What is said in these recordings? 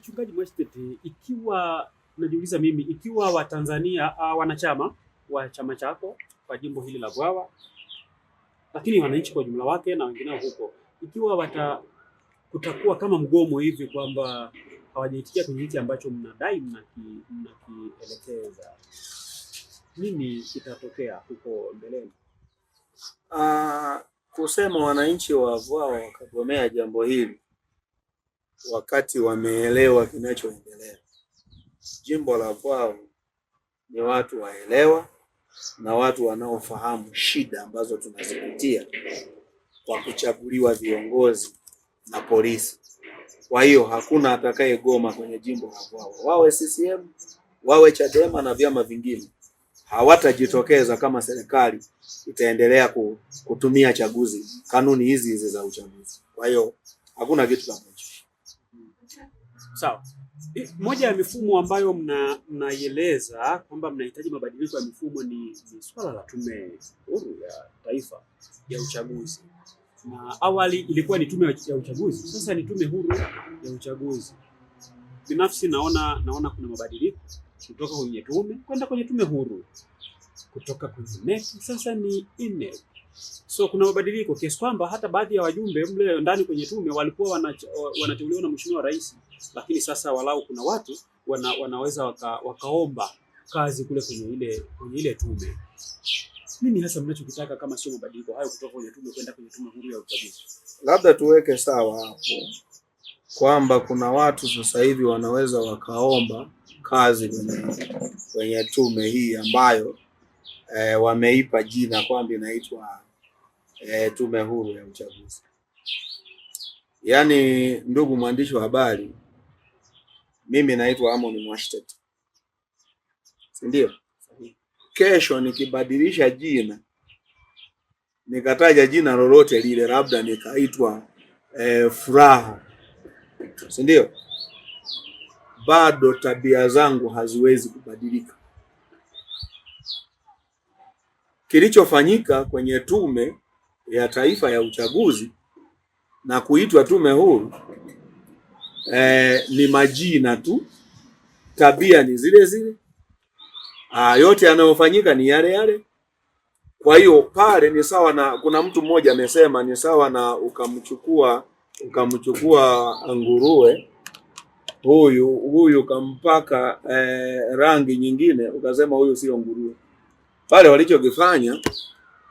Mchungaji Mwashtete, ikiwa najiuliza mimi, ikiwa Watanzania uh, ah, wanachama wa chama chako kwa jimbo hili la vwawa lakini wananchi kwa jumla wake na wengineo huko, ikiwa wata kutakuwa kama mgomo hivi kwamba hawajaitikia kwenye hichi ambacho mnadai mnakielekeza, nini kitatokea huko mbeleni? Uh, kusema wananchi wa vwawa wakagomea jambo hili wakati wameelewa kinachoendelea. Jimbo la kwao ni watu waelewa na watu wanaofahamu shida ambazo tunazipitia kwa kuchaguliwa viongozi na polisi. Kwa hiyo hakuna atakayegoma kwenye jimbo la kwao, wawe CCM wawe Chadema na vyama vingine hawatajitokeza kama serikali itaendelea kutumia chaguzi kanuni hizi hizi za uchaguzi. Kwa hiyo hakuna kitu cha Sawa. Eh, moja ya mifumo ambayo mnaieleza mna kwamba mnahitaji mabadiliko ya mifumo ni, ni swala la Tume Huru ya Taifa ya Uchaguzi, na awali ilikuwa ni Tume ya Uchaguzi, sasa ni Tume Huru ya Uchaguzi. Binafsi naona naona kuna mabadiliko kutoka kwenye tume kwenda kwenye tume huru, kutoka kwenye NEC sasa ni INEC. E So kuna mabadiliko kiasi kwamba hata baadhi ya wajumbe mle ndani kwenye tume walikuwa wanateuliwa na mheshimiwa rais, lakini sasa walau kuna watu wana, wanaweza waka, wakaomba kazi kule kwenye ile kwenye ile tume. Nini hasa mnachokitaka kama sio mabadiliko hayo kutoka kwenye tume kwenda kwenye tume huru ya uchaguzi? Labda tuweke sawa hapo kwamba kuna watu sasa hivi wanaweza wakaomba kazi kwenye, kwenye tume hii ambayo e, wameipa jina kwamba inaitwa e, Tume Huru ya Uchaguzi. Yaani, ndugu mwandishi wa habari, mimi naitwa Amon Mwashtete, si ndio? Kesho nikibadilisha jina nikataja jina lolote lile, labda nikaitwa e, Furaha, si ndio? Bado tabia zangu haziwezi kubadilika. kilichofanyika kwenye Tume ya Taifa ya Uchaguzi na kuitwa tume huru eh, ni majina tu, tabia ni zile zile, ah, yote yanayofanyika ni yale yale. Kwa hiyo pale ni sawa na, kuna mtu mmoja amesema ni sawa na ukamchukua ukamchukua nguruwe huyu huyu ukampaka eh, rangi nyingine, ukasema huyu sio nguruwe. Pale walichokifanya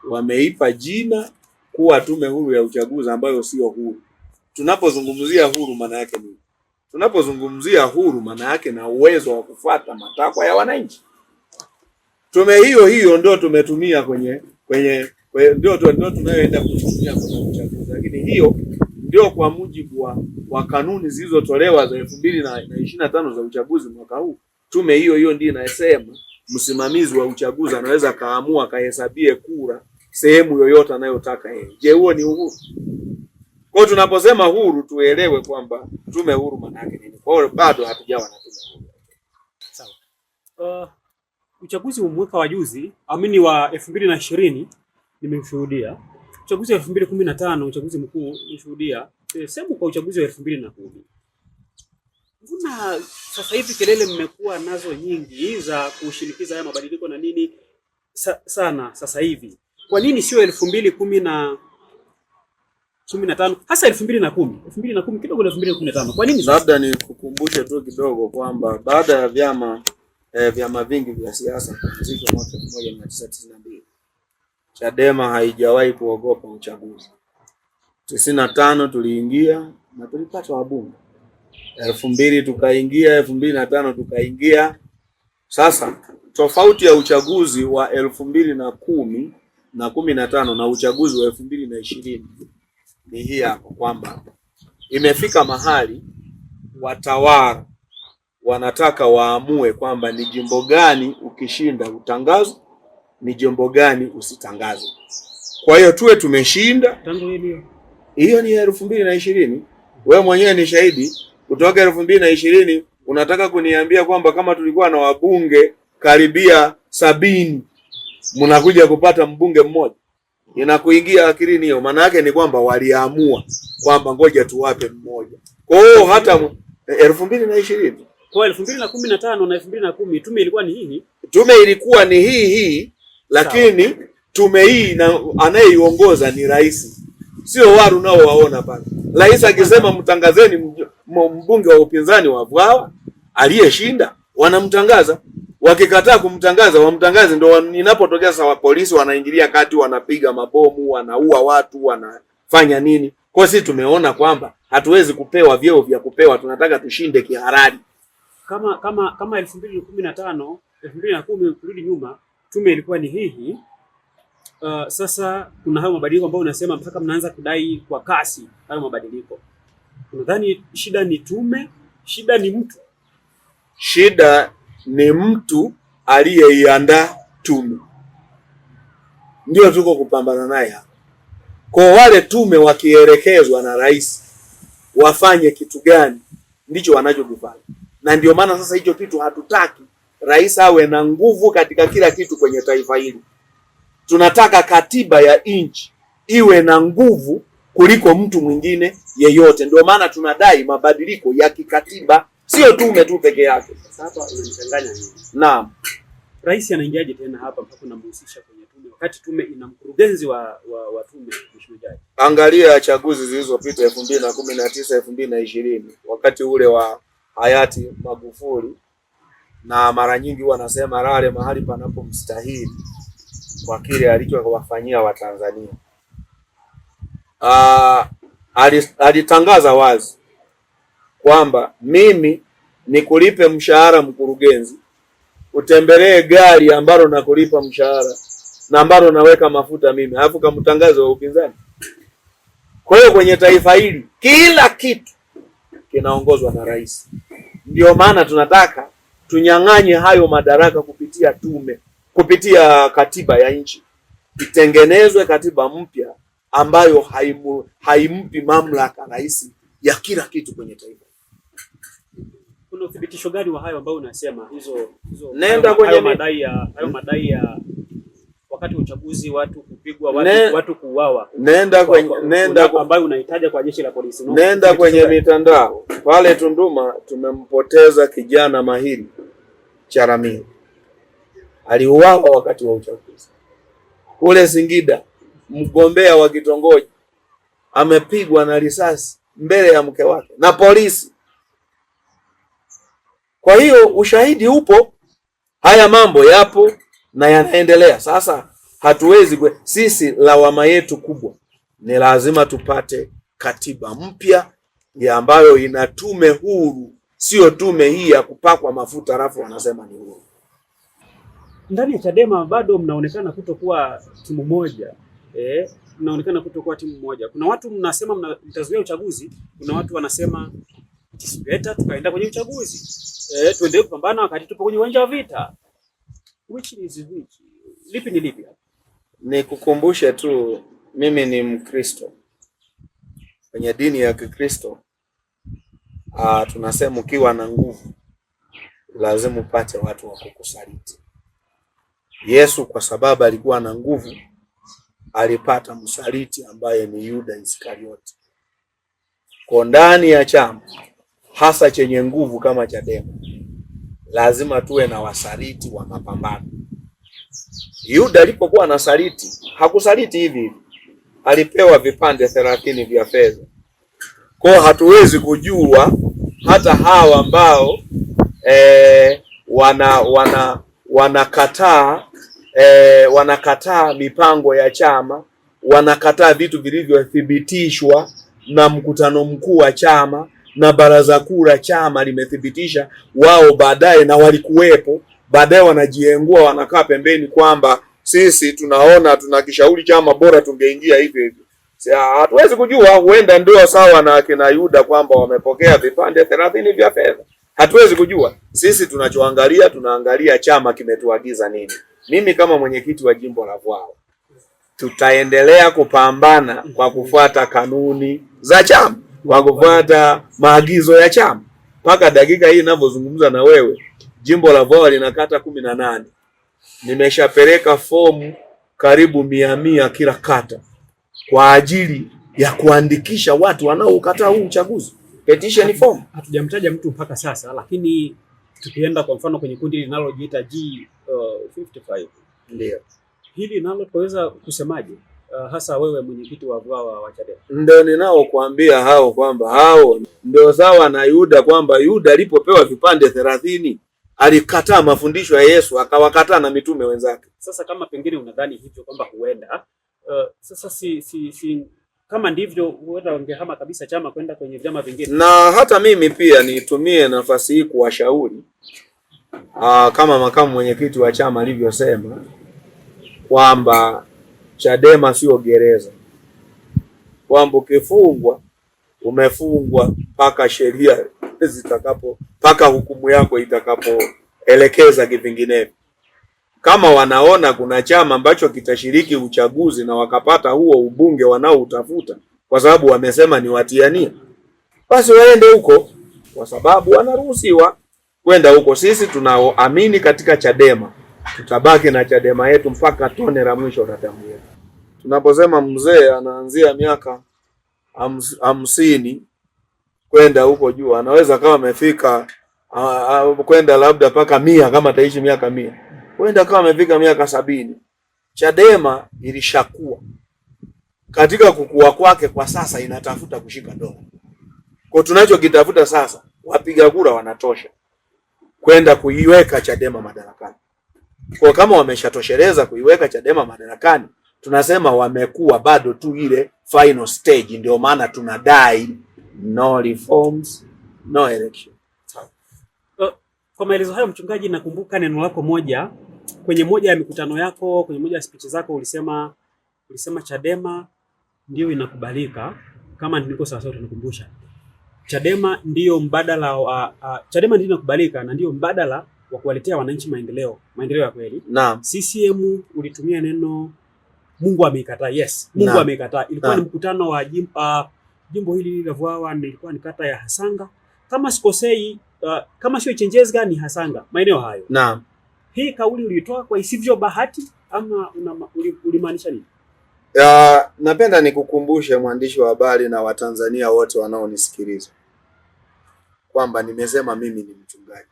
wameipa jina kuwa tume huru ya uchaguzi ambayo sio huru. Tunapozungumzia huru maana yake ni Tunapozungumzia huru maana yake na uwezo wa kufuata matakwa ya wananchi. Tume hiyo hiyo ndio tumetumia kwenye kwenye ndio ndio tunayoenda kutumia kwenye uchaguzi, lakini hiyo ndio kwa mujibu wa, wa kanuni zilizotolewa za elfu mbili na ishirini na tano za uchaguzi mwaka huu, tume hiyo hiyo ndio inasema msimamizi wa uchaguzi anaweza akaamua akahesabie kura sehemu yoyote anayotaka yeye. Je, huo ni uhuru? Kwa tunaposema huru tuelewe kwamba tume huru maana yake nini? Kwa hiyo bado hatujawa na tume huru. Sawa. Uh, uchaguzi mwaka wa juzi amini wa elfu mbili na ishirini nimeshuhudia uchaguzi wa elfu mbili kumi na uchaguzi mkuu nimeshuhudia eh, sehemu kwa uchaguzi wa elfu mbili na kumi Mbona sasa hivi kelele mmekuwa nazo nyingi za kushinikiza haya mabadiliko na nini sa, sana sasa hivi, kwa nini sio elfu mbili kumi na kumi na tano hasa elfu mbili na kumi elfu mbili na kumi kidogo na elfu mbili na kumi na tano Kwa nini? Labda ni nikukumbushe tu kidogo kwamba baada ya vyama eh, vyama vingi vya siasa kuanzishwa mwaka 1992 Chadema haijawahi kuogopa uchaguzi. tisini na tano tuliingia na tulipata wabunge elfu mbili tukaingia, elfu mbili na tano tukaingia. Sasa tofauti ya uchaguzi wa elfu mbili na kumi na kumi na tano na uchaguzi wa elfu mbili na ishirini ni hii hapo kwamba imefika mahali watawala wanataka waamue kwamba ni jimbo gani ukishinda utangazwe, ni jimbo gani usitangazwe. Kwa hiyo tuwe tumeshinda, hiyo ni elfu mbili na ishirini. Wewe mwenyewe ni shahidi kutoka elfu mbili na ishirini unataka kuniambia kwamba kama tulikuwa na wabunge karibia sabini mnakuja kupata mbunge mmoja? Inakuingia akilini hiyo? Maana yake ni kwamba waliamua kwamba ngoja tuwape mmoja. Kwa hiyo hata elfu mbili na ishirini kwa elfu mbili na kumi na tano na elfu mbili na kumi tume ilikuwa ni hii tume ilikuwa ni hii hii, lakini tume hii na anayeiongoza ni rais, sio waru nao waona pale. Rais akisema mtangazeni mbunge wa upinzani wa Vwawa aliyeshinda wanamtangaza, wakikataa kumtangaza wamtangaze. Ndio inapotokea sasa, polisi wanaingilia kati, wanapiga mabomu, wanaua watu, wanafanya nini. Kwa sisi tumeona kwamba hatuwezi kupewa vyeo vya kupewa, tunataka tushinde kihalali kama kama kama elfu mbili na kumi na tano elfu mbili na kumi kurudi nyuma, tume ilikuwa ni hihi. Uh, sasa kuna hayo mabadiliko ambayo unasema mpaka mnaanza kudai kwa kasi hayo mabadiliko unadhani shida ni tume, shida ni mtu, shida ni mtu aliyeiandaa tume, ndio tuko kupambana naye hapa. Kwa wale tume wakielekezwa na rais wafanye kitu gani, ndicho wanachokifanya, na ndio maana sasa hicho kitu hatutaki rais awe na nguvu katika kila kitu kwenye taifa hili. Tunataka katiba ya nchi iwe na nguvu kuliko mtu mwingine yeyote. Ndio maana tunadai mabadiliko ya kikatiba, sio tume tu peke yake. Naam. Rais anaingiaje tena hapa mpaka namhusisha kwenye tume wakati tume ina mkurugenzi wa, wa, wa tume? angalia chaguzi zilizopita elfu mbili na kumi na tisa elfu mbili na ishirini wakati ule wa hayati Magufuli, na mara nyingi huwa anasema lale mahali panapomstahili kwa kile alichowafanyia Watanzania uh, alitangaza wazi kwamba mimi nikulipe mshahara mkurugenzi, utembelee gari ambalo nakulipa mshahara na ambalo naweka mafuta mimi, alafu kamtangaza wa upinzani. Kwa hiyo kwenye taifa hili kila kitu kinaongozwa na rais. ndio maana tunataka tunyang'anye hayo madaraka kupitia tume, kupitia katiba ya nchi, itengenezwe katiba mpya ambayo haimu, haimpi mamlaka rais ya kila kitu kwenye taifa. Kuna uthibitisho gani wa hayo ambayo unasema hizo hizo? Nenda kwenye hayo madai ya hayo hmm? madai ya wakati wa uchaguzi watu kupigwa watu, ne, watu kuuawa. Nenda kwenye nenda ambayo unahitaji kwa jeshi la polisi. No, nenda kwenye mitandao pale Tunduma tumempoteza kijana mahiri Charamini aliuawa wakati wa uchaguzi kule Singida mgombea wa kitongoji amepigwa na risasi mbele ya mke wake na polisi. Kwa hiyo ushahidi upo, haya mambo yapo na yanaendelea. Sasa hatuwezi kwe, sisi lawama yetu kubwa ni lazima tupate katiba mpya ya ambayo ina tume huru, sio tume hii ya kupakwa mafuta halafu wanasema ni huru. Ndani ya Chadema bado mnaonekana kutokuwa timu moja eh, mnaonekana kutokuwa timu moja. Kuna watu mnasema mtazuia uchaguzi, kuna watu wanasema tusibeta tukaenda kwenye uchaguzi eh, tuendelee kupambana wakati tupo kwenye uwanja wa vita. Which is which? Lipi ni lipi? Ni kukumbusha tu, mimi ni Mkristo. Kwenye dini ya Kikristo tunasema ukiwa na nguvu lazima upate watu wa kukusaliti. Yesu kwa sababu alikuwa na nguvu alipata msaliti ambaye ni Yuda Iskarioti. Kwa ndani ya chama hasa chenye nguvu kama Chadema lazima tuwe na wasaliti wa mapambano. Yuda alipokuwa na saliti, hakusaliti hivi hivi, alipewa vipande thelathini vya fedha. Kwa hatuwezi kujua hata hawa ambao e, wana wana wanakataa e, wanakataa mipango ya chama, wanakataa vitu vilivyothibitishwa na mkutano mkuu wa chama na baraza kuu la chama limethibitisha wao baadaye, na walikuwepo baadaye, wanajiengua wanakaa pembeni kwamba sisi tunaona kishauri chama bora tungeingia hivyo hivyo. Hatuwezi kujua, huenda ndio sawa na kina Yuda kwamba wamepokea vipande thelathini vya fedha. Hatuwezi kujua. Sisi tunachoangalia, tunaangalia chama kimetuagiza nini. Mimi kama mwenyekiti wa jimbo la Vwawa tutaendelea kupambana kwa kufuata kanuni za chama, kwa kufuata maagizo ya chama. Mpaka dakika hii ninavyozungumza na wewe, jimbo la Vwawa lina kata kumi na nane. Nimeshapeleka fomu karibu mia mia kila kata kwa ajili ya kuandikisha watu wanaoukataa huu uchaguzi, petition form. Hatujamtaja mtu mpaka sasa, lakini tukienda kwa mfano kwenye kundi linalojiita G55, uh, ndio hili nalo tunaweza kusemaje? Uh, hasa wewe mwenyekiti wa VAWA wa Chadema, ndio ninaokuambia hao kwamba hao ndio sawa na Yuda, kwamba Yuda alipopewa vipande thelathini alikataa mafundisho ya Yesu akawakataa na mitume wenzake. Sasa kama pengine unadhani hivyo kwamba huenda uh, sasa si, si, si kama ndivyo huenda wangehama kabisa chama kwenda kwenye vyama vingine. Na hata mimi pia nitumie nafasi hii kuwashauri ah, kama makamu mwenyekiti wa chama alivyosema kwamba Chadema sio gereza, kwamba ukifungwa umefungwa mpaka sheria zitakapo, mpaka hukumu yako itakapoelekeza kivinginevyo kama wanaona kuna chama ambacho kitashiriki uchaguzi na wakapata huo ubunge wanaoutafuta, kwa sababu wamesema ni watiania, basi waende huko, kwa sababu wanaruhusiwa kwenda huko. Sisi tunaoamini katika Chadema tutabaki na Chadema yetu mpaka tone la mwisho la damu yetu. Tunaposema mzee anaanzia miaka hamsini kwenda huko juu, anaweza kama amefika kwenda labda mpaka mia, kama ataishi miaka mia huenda kama amefika miaka sabini. Chadema ilishakuwa katika kukua kwake, kwa sasa inatafuta kushika dola. Kwa tunachokitafuta sasa, wapiga kura wanatosha kwenda kuiweka Chadema madarakani. Kwa kama wameshatosheleza kuiweka Chadema madarakani, tunasema wamekuwa bado tu ile final stage, ndio maana tunadai no reforms, no election. Kwa maelezo hayo, mchungaji, nakumbuka neno lako moja kwenye moja ya mikutano yako, kwenye moja ya speech zako ulisema ulisema Chadema ndio inakubalika, kama niko sawa sawa, tunakumbusha Chadema ndio mbadala wa uh, Chadema ndio inakubalika na ndio mbadala wa kuwaletea wananchi maendeleo, maendeleo ya kweli. Naam. CCM ulitumia neno Mungu ameikataa. Yes, Mungu ameikataa. Ilikuwa ni mkutano wa jimpa, uh, jimbo hili la Vwawa, nilikuwa ni kata ya Hasanga kama sikosei, uh, kama sio Chenjezga ni Hasanga, maeneo hayo. Naam hii kauli ulitoa kwa isivyo bahati ama ulimaanisha nini? Ya, napenda nikukumbushe mwandishi wa habari na Watanzania wote wanaonisikiliza kwamba nimesema mimi ni mchungaji.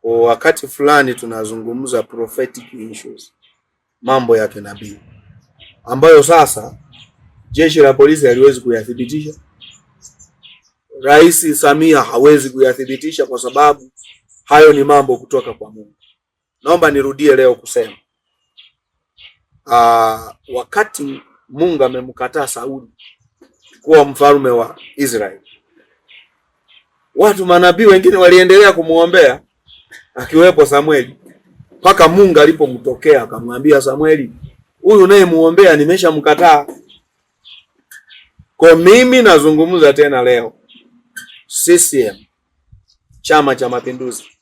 Kwa wakati fulani tunazungumza prophetic issues, mambo ya kinabii ambayo sasa jeshi la polisi haliwezi kuyathibitisha, Rais Samia hawezi kuyathibitisha kwa sababu Hayo ni mambo kutoka kwa Mungu. Naomba nirudie leo kusema aa, ah, wakati Mungu amemkataa Sauli kuwa mfalme wa Israeli, watu manabii wengine waliendelea kumuombea akiwepo Samueli mpaka Mungu alipomtokea akamwambia Samueli, huyu unayemuombea nimeshamkataa. Kwa mimi nazungumza tena leo, CCM Chama cha Mapinduzi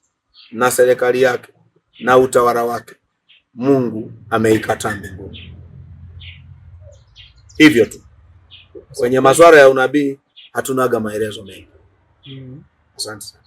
na serikali yake na utawala wake, Mungu ameikataa mbinguni. Hivyo tu kwenye masuala ya unabii hatunaga maelezo mengi. Mm. Asante sana.